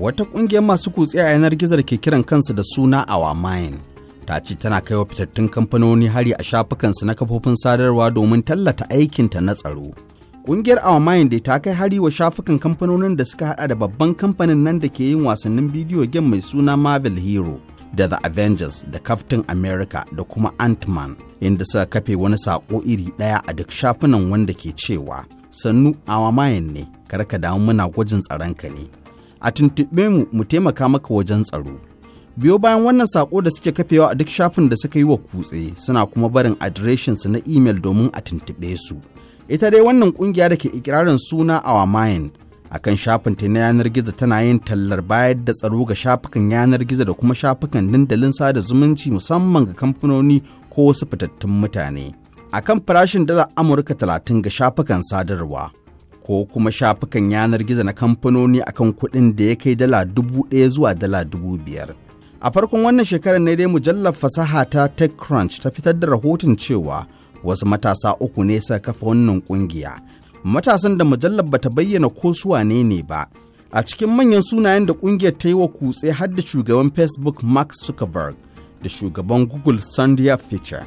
wata ƙungiyar masu kutse a yanar gizar ke kiran kansu da suna awa ta ce tana kaiwa fitattun kamfanoni hari a shafukansu na kafofin sadarwa domin tallata aikinta na tsaro ƙungiyar awa dai da ta kai hari wa shafukan kamfanonin da suka hada da babban kamfanin nan da ke yin wasannin bidiyo game mai suna marvel hero da the avengers da captain america da kuma ant-man inda suka kafe wani sako iri ɗaya a duk shafunan wanda ke cewa sannu awa ne kar ka damu muna gwajin tsaronka ne a tuntuɓe mu mu taimaka maka wajen tsaro. Biyo bayan wannan saƙo da suke kafewa a duk shafin da suka yi wa kutse suna kuma barin adireshinsu na imel domin a tuntuɓe su. Ita dai wannan ƙungiya da ke ikirarin suna Our Mind a kan shafinta na yanar gizo tana yin tallar bayar da tsaro ga shafukan yanar gizo da kuma shafukan dandalin sada zumunci musamman ga kamfanoni ko wasu fitattun mutane. A kan farashin dala Amurka talatin ga shafukan sadarwa. ko kuma shafukan yanar gizo na kamfanoni akan kuɗin da ya kai dala dubu ɗaya zuwa dala dubu biyar. A farkon wannan shekarar ne dai mujallar fasaha ta TechCrunch ta fitar da rahoton cewa wasu matasa uku ne suka kafa wannan kungiya. Matasan da mujallar bata bayyana ko su wane ne ba. A cikin manyan sunayen da kungiyar ta yi wa kutse har da shugaban Facebook Mark Zuckerberg da shugaban Google Sandia Fisher.